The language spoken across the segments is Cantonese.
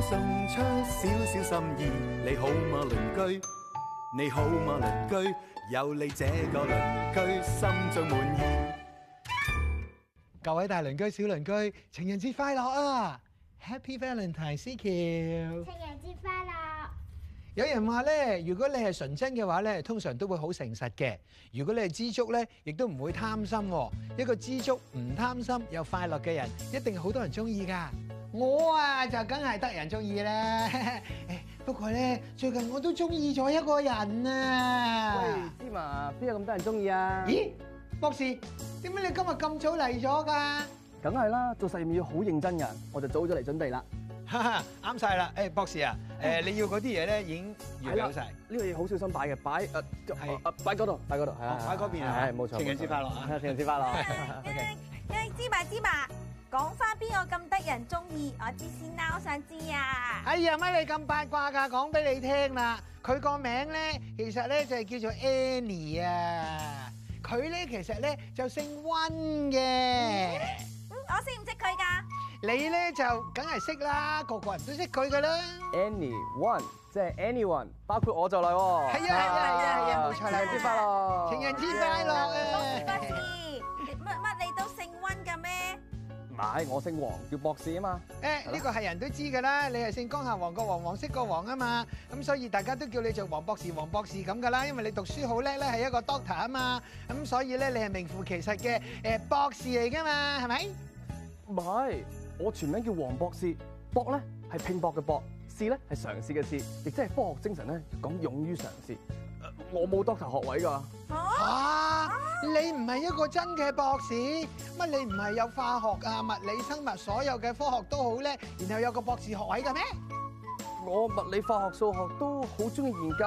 送出少少心意，你好嗎鄰居？你好嗎鄰居？有你這個鄰居，心最滿意。各位大鄰居、小鄰居，情人節快樂啊！Happy Valentine，See you！情人節快樂。有人話咧，如果你係純真嘅話咧，通常都會好誠實嘅。如果你係知足咧，亦都唔會貪心。一個知足唔貪心又快樂嘅人，一定好多人中意噶。我啊就梗係得人中意啦，不過咧最近我都中意咗一個人啊！喂，芝麻邊有咁多人中意啊？咦，博士點解你今日咁早嚟咗㗎？梗係啦，做實驗要好認真㗎，我就早咗嚟準備啦。哈哈，啱曬啦！誒博士啊，誒你要嗰啲嘢咧已經預留曬，呢個嘢好小心擺嘅，擺誒係擺嗰度，擺嗰度，擺嗰邊啊，係冇錯冇錯。情人節快樂啊！情人節快樂！OK，芝麻芝麻。講翻邊個咁得人中意？我知先啦，我想知啊！哎呀，乜你咁八卦噶？講俾你聽啦，佢個名咧，其實咧就係叫做 Annie 啊。佢咧其實咧就姓溫嘅。我識唔識佢噶？你咧就梗係識啦，個個人都識佢噶啦。Annie One，即係 Anyone，包括我就嚟喎。係啊，冇錯啦，情人節快樂啦，情人節快樂啊。我姓黃，叫博士啊嘛。誒、欸，呢、這個係人都知嘅啦。你係姓江夏黃國黃，黃色個黃啊嘛。咁所以大家都叫你做黃博士、黃博士咁噶啦。因為你讀書好叻咧，係一個 doctor 啊嘛。咁所以咧，你係名副其實嘅誒、呃、博士嚟噶嘛，係咪？唔係，我全名叫黃博士。博咧係拼搏嘅博，士呢，咧係嘗試嘅試，亦即係科學精神咧咁勇於嘗試。我冇 doctor 學位㗎。嚇、啊！你唔係一個真嘅博士乜？你唔係有化學啊、物理、生物所有嘅科學都好叻，然後有個博士學位嘅咩？我物理、化學、數學都好中意研究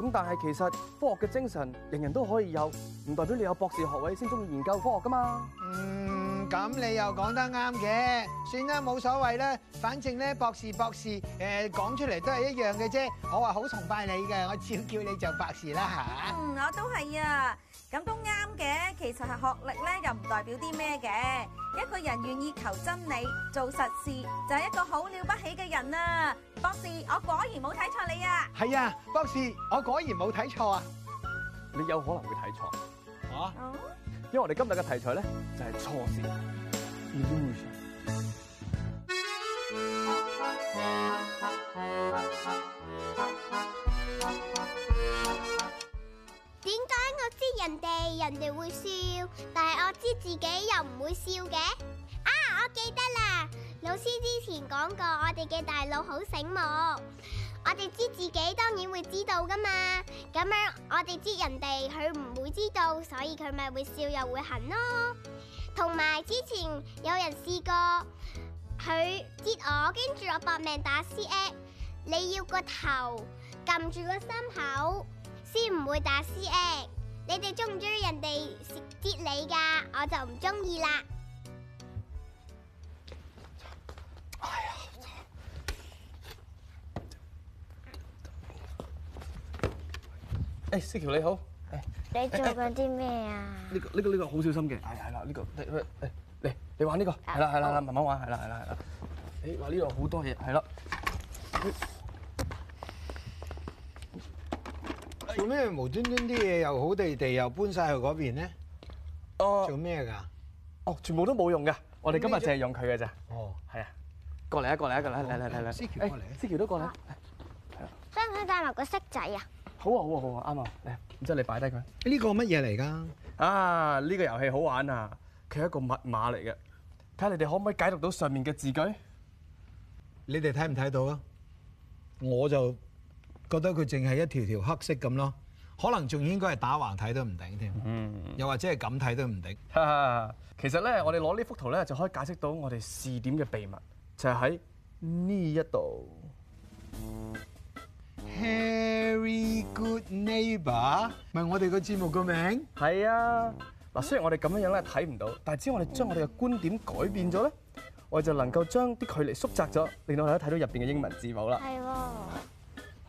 咁，但係其實科學嘅精神人人都可以有，唔代表你有博士學位先中意研究科學噶嘛？嗯，咁你又講得啱嘅，算啦，冇所謂啦。反正咧，博士博士誒，講出嚟都係一樣嘅啫。我話好崇拜你嘅，我照叫你做博士啦吓。嗯，我都係啊。咁都啱嘅，其實係學歷咧又唔代表啲咩嘅。一個人願意求真理、做實事，就係一個好了不起嘅人啊！博士，我果然冇睇錯你啊！係啊，博士，我果然冇睇錯啊！你有可能會睇錯，吓？哦，因為我哋今日嘅題材咧就係錯視 illusion。人哋會笑，但係我知自己又唔會笑嘅。啊，我記得啦，老師之前講過，我哋嘅大腦好醒目，我哋知自己當然會知道㗎嘛。咁樣我哋知人哋佢唔會知道，所以佢咪會笑又會痕咯。同埋之前有人試過，佢接我，跟住我搏命打 C X。你要個頭撳住個心口，先唔會打 C X。.你哋中唔中意人哋食啲你噶？我就唔中意啦。哎呀！哎，斯喬你好，哎，你做緊啲咩啊？呢個呢個呢個好小心嘅，係啦呢個，嚟嚟嚟，你玩呢個，係啦係啦係啦，慢慢玩，係啦係啦係啦。哎，嗱呢度好多嘢，係咯。做咩無端端啲嘢又好地地又搬晒去嗰邊咧？哦，做咩噶？哦，全部都冇用噶，我哋今日淨係用佢噶咋。哦，係啊，過嚟啊，過嚟啊，過嚟，嚟嚟嚟嚟。Siki 過嚟，Siki 都過嚟。想唔想帶埋個骰仔啊？好啊，好啊，好啊，啱啊。嚟，唔使你擺低佢。呢個乜嘢嚟噶？啊，呢個遊戲好玩啊！佢係一個密碼嚟嘅，睇下你哋可唔可以解讀到上面嘅字句？你哋睇唔睇到啊？我就覺得佢淨係一條條黑色咁咯，可能仲應該係打橫睇都唔頂添，又或者係咁睇都唔頂。其實咧，我哋攞呢幅圖咧，就可以解釋到我哋視點嘅秘密，就係喺呢一度。Harry Good Neighbor，唔係我哋個節目個名。係啊，嗱，雖然我哋咁樣樣咧睇唔到，但係只要我哋將我哋嘅觀點改變咗咧，我哋就能夠將啲距離縮窄咗，令到我哋都睇到入邊嘅英文字母啦。係喎。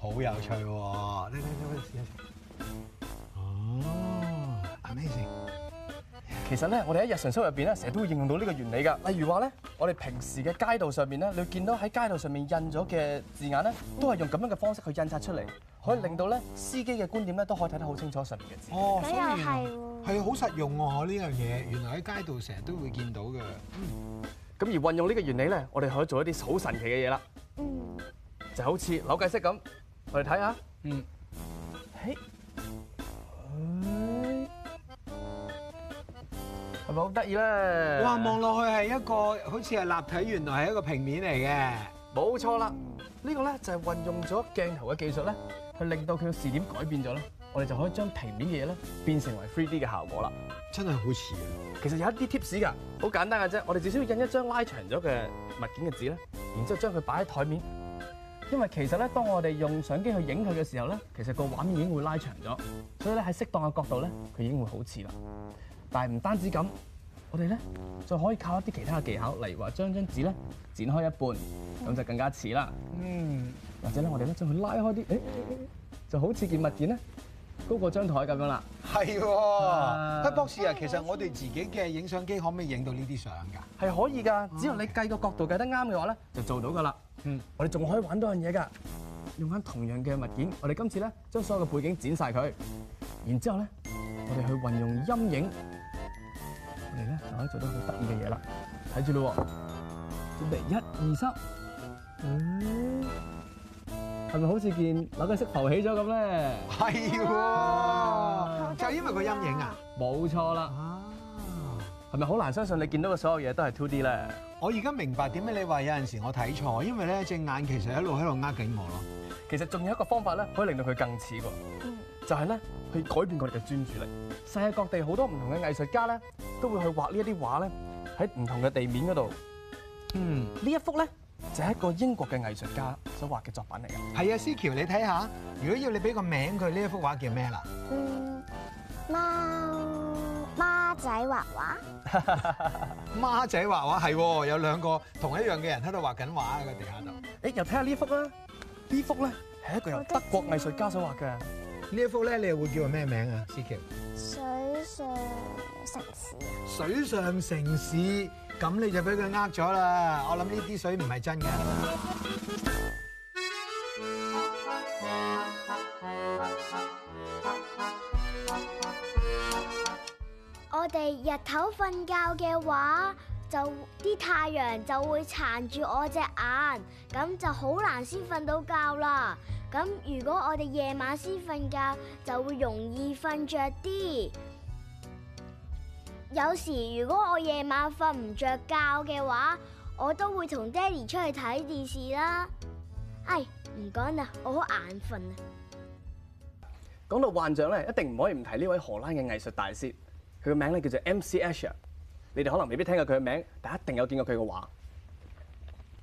好有趣喎，哦！嚟嚟嚟，我試一試。哦，oh, amazing！其實咧，我哋喺日常生活入邊咧，成日都會應用到呢個原理㗎。例如話咧，我哋平時嘅街道上面咧，你見到喺街道上面印咗嘅字眼咧，都係用咁樣嘅方式去印刷出嚟，可以令到咧司機嘅觀點咧都可以睇得好清楚上面嘅字。哦，咁又係喎，係好實用喎呢樣嘢。原來喺街道成日都會見到嘅。咁，嗯，而運用呢個原理咧，我哋可以做一啲好神奇嘅嘢啦。嗯，就好似扭計骰咁。我哋睇下，嗯，誒，係咪好得意咧？哇，望落去係一個好似係立體，原來係一個平面嚟嘅，冇錯啦。呢個咧就係運用咗鏡頭嘅技術咧，去令到佢嘅視點改變咗咧，我哋就可以將平面嘅嘢咧變成為 3D 嘅效果啦。真係好似啊！其實有一啲貼士噶，好簡單嘅啫。我哋只需要印一張拉長咗嘅物件嘅紙咧，然之後將佢擺喺台面。因為其實咧，當我哋用相機去影佢嘅時候咧，其實個畫面已經會拉長咗，所以咧喺適當嘅角度咧，佢已經會好似啦。但係唔單止咁，我哋咧就可以靠一啲其他嘅技巧，例如話將張紙咧剪開一半，咁就更加似啦。嗯。或者咧，我哋咧將佢拉開啲，誒、哎，就好似件物件咧高過張台咁樣啦。係、哦。啊，博、啊、士啊士，其實我哋自己嘅影相機可唔可以影到呢啲相㗎？係、嗯、可以㗎、嗯，只要你計個角度計得啱嘅話咧，okay. 就做到㗎啦。嗯，我哋仲可以玩多樣嘢噶，用翻同樣嘅物件，我哋今次咧將所有嘅背景剪晒佢，然之後咧我哋去運用陰影，我哋咧就可以做到好得意嘅嘢啦，睇住啦，準備一二三，嗯，係咪好似見紐雞色浮起咗咁咧？係喎、啊啊，就係、因為個陰影啊，冇錯啦，係咪好難相信你見到嘅所有嘢都係 2D 咧？我而家明白點解你話有陣時我睇錯，因為咧隻眼其實一路喺度呃緊我咯。其實仲有一個方法咧，可以令到佢更似喎。嗯，就係、是、咧去改變佢哋嘅專注力。世界各地好多唔同嘅藝術家咧，都會去畫呢一啲畫咧喺唔同嘅地面嗰度。嗯，呢一幅咧就係、是、一個英國嘅藝術家所畫嘅作品嚟嘅。係、嗯、啊，思橋，你睇下，如果要你俾個名佢，呢一幅畫叫咩啦？嗯，那、啊。畫畫 仔畫畫，孖仔畫畫係，有兩個同一樣嘅人喺度畫緊畫喺個地下度。誒、嗯欸，又睇下呢幅啦，呢幅咧係一個由德國藝術家所畫嘅。啊、呢一幅咧，你又會叫佢咩名啊？CK，水上城市啊？水上城市，咁你就俾佢呃咗啦。我諗呢啲水唔係真嘅。 日頭瞓覺嘅話，就啲太陽就會殘住我隻眼，咁就好難先瞓到覺啦。咁如果我哋夜晚先瞓覺，就會容易瞓着啲。有時如果我夜晚瞓唔着覺嘅話，我都會同爹哋出去睇電視啦。唉，唔講啦，我好眼瞓啊。講到幻象咧，一定唔可以唔提呢位荷蘭嘅藝術大師。佢名咧叫做 M.C. Escher，你哋可能未必聽過佢嘅名，但一定有見過佢嘅畫。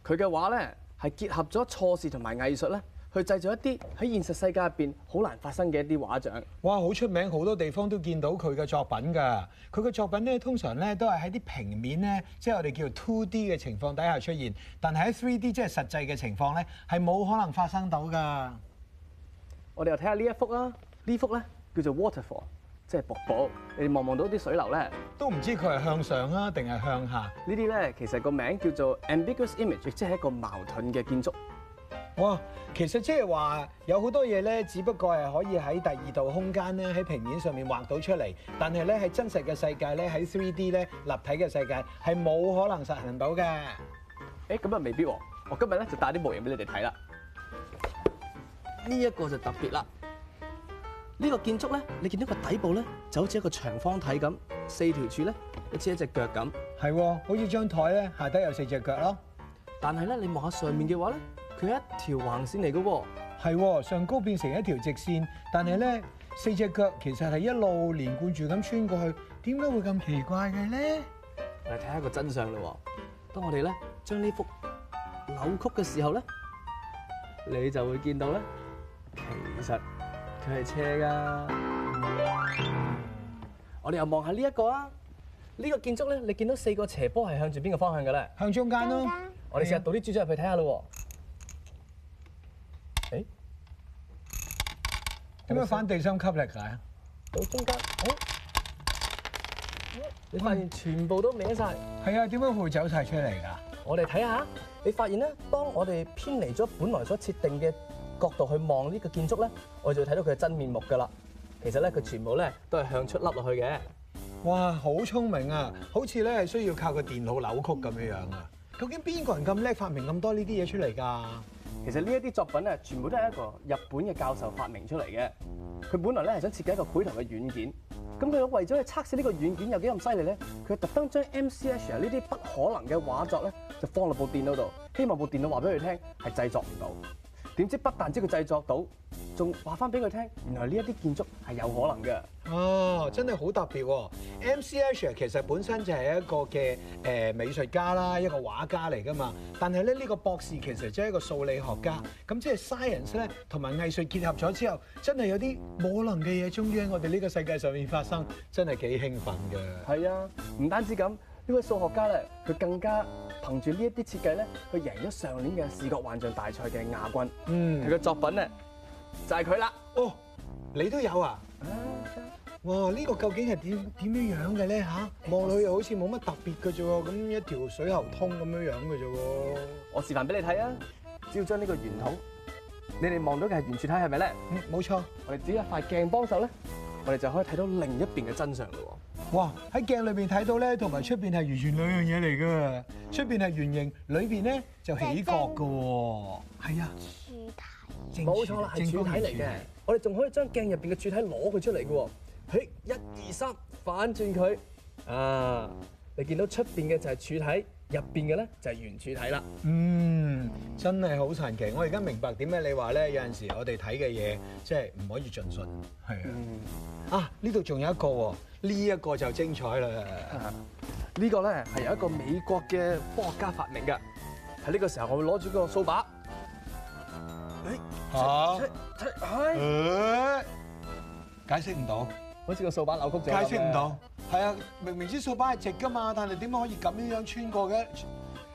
佢嘅畫咧係結合咗錯視同埋藝術咧，去製造一啲喺現實世界入邊好難發生嘅一啲畫像。哇！好出名，好多地方都見到佢嘅作品㗎。佢嘅作品咧通常咧都係喺啲平面咧，即係我哋叫做 two D 嘅情況底下出現，但喺 three D 即係實際嘅情況咧係冇可能發生到㗎。我哋又睇下呢一幅啦，這幅呢幅咧叫做 Waterfall。即係瀑布，你望望到啲水流咧，都唔知佢係向上啊定係向下。這呢啲咧其實個名叫做 ambiguous image，即係一個矛盾嘅建築。哇，其實即係話有好多嘢咧，只不過係可以喺第二度空間咧喺平面上面畫到出嚟，但係咧喺真實嘅世界咧喺 3D 咧立體嘅世界係冇可能實行到嘅。誒咁啊，未必喎。我今日咧就帶啲模型俾你哋睇啦。呢、這、一個就特別啦。呢個建築咧，你見到個底部咧，就好似一個長方體咁，四條柱咧、哦，好似一隻腳咁，係，好似張台咧，下底有四隻腳咯。但係咧，你望下上面嘅話咧，佢一條橫線嚟嘅喎。係、哦，上高變成一條直線，但係咧、嗯，四隻腳其實係一路連貫住咁穿過去，點解會咁奇怪嘅咧？嚟睇下個真相啦。當我哋咧將呢幅扭曲嘅時候咧，你就會見到咧，其實。係斜噶，我哋又望下呢一個啊，呢、呢個建築咧，你見到四個斜坡係向住邊個方向嘅咧？向中間咯。我哋成日倒啲珠仔入去睇下咯。誒，點解反地心吸力嘅？哎？到中間，嗯、哎，你發現全部都歪晒。係啊，點解會走晒出嚟噶？我哋睇下，你發現咧，當我哋偏離咗本來所設定嘅。角度去望呢個建築咧，我就會睇到佢嘅真面目噶啦。其實咧，佢全部咧都係向出凹落去嘅。哇，好聰明啊！好似咧係需要靠個電腦扭曲咁樣樣啊。究竟邊個人咁叻，發明咁多呢啲嘢出嚟㗎？其實呢一啲作品咧，全部都係一個日本嘅教授發明出嚟嘅。佢本來咧係想設計一個繪圖嘅軟件，咁佢為咗去測試呢個軟件有幾咁犀利咧，佢特登將 M C H 啊呢啲不可能嘅畫作咧，就放落部電腦度，希望部電腦話俾佢聽係製作唔到。點知不但知佢製作到，仲話翻俾佢聽，原來呢一啲建築係有可能嘅哦，真係好特別喎、哦。M.C.H. a 其實本身就係一個嘅誒、呃、美術家啦，一個畫家嚟噶嘛。但係咧，呢、呢個博士其實即係一個數理學家，咁即係 science 咧同埋藝術結合咗之後，真係有啲冇能嘅嘢，終於喺我哋呢個世界上面發生，真係幾興奮嘅。係啊，唔單止咁。呢位數學家咧，佢更加憑住呢一啲設計咧，佢贏咗去贏咗上年嘅視覺幻象大賽嘅亞軍。嗯，佢嘅作品咧就係佢啦。哦，你都有啊，啊？哇，呢、呢個究竟係點點樣樣嘅咧？吓、啊哎，望落去又好似冇乜特別嘅啫。咁一條水喉通咁樣樣嘅啫。我示範俾你睇啊，只要將呢個圓筒，你哋望到嘅係圓柱體係咪咧？冇、嗯、錯。我哋招一塊鏡幫手咧。我哋就可以睇到另一邊嘅真相咯喎！哇，喺鏡裏邊睇到咧，同埋出邊係完全兩樣嘢嚟噶。出邊係圓形，裏邊咧就起角噶喎。係啊，柱體。冇錯啦，係柱體嚟嘅。我哋仲可以將鏡入邊嘅柱體攞佢出嚟嘅喎。嘿，一、二、三，反轉佢。啊，你見到出邊嘅就係柱體。入邊嘅咧就係圓柱體啦，嗯，真係好神奇。我而家明白點解你話咧，有陣時我哋睇嘅嘢即係唔可以盡信，係啊。啊，呢度仲有一個喎，呢一個就精彩啦。呢個咧係由一個美國嘅科學家發明嘅，喺呢個時候我會攞住個掃把，誒嚇，誒解釋唔到，好似個掃把扭曲咗，解釋唔到。係啊，明明知道掃把係直噶嘛，但係點解可以咁樣樣穿過嘅？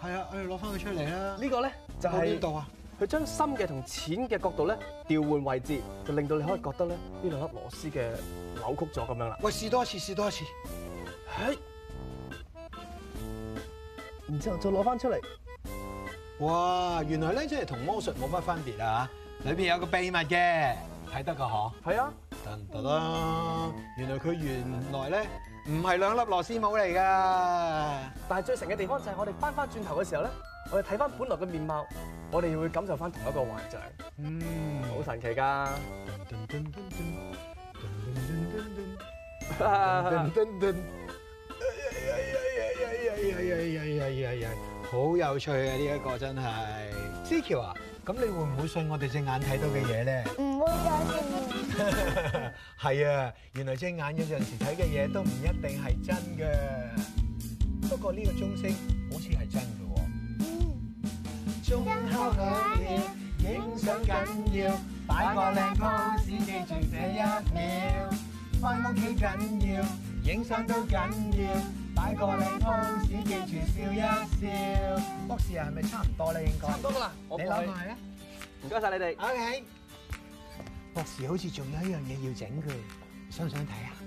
係啊，我哋攞翻佢出嚟啦。這個、呢個咧就喺邊度啊？佢將深嘅同淺嘅角度咧調換位置，就令到你可以覺得咧呢兩粒螺絲嘅扭曲咗咁樣啦。喂，試多一次，試多一次。係。然之後再攞翻出嚟。哇！原來咧即係同魔術冇乜分別啊！嚇，裏邊有個秘密嘅，睇得噶嗬。係啊。得啦，原來佢原來咧唔係兩粒螺絲帽嚟噶，但係最成嘅地方就係我哋翻翻轉頭嘅時候咧，我哋睇翻本來嘅面貌，我哋會感受翻同一個幻象，嗯，好神奇噶。噔噔噔噔噔噔噔噔噔噔噔，哎呀呀呀呀呀呀呀呀呀呀呀，好有趣啊！呢一個真係，知唔知啊？咁你會唔會信我哋隻眼睇到嘅嘢咧？唔會嘅。係啊，原來隻眼有陣時睇嘅嘢都唔一定係真㗎。不過呢個鐘聲好似係真嘅喎。嗯。鐘敲響了，影相緊要，擺個靚 pose 記住這一秒，返屋企緊要，影相都緊要。.擺個靚 pose 記住笑一笑。博士係咪差唔多咧？應該差唔多啦。你諗埋啊？唔該晒你哋。O K。博士好似仲有一樣嘢要整佢，想唔想睇下？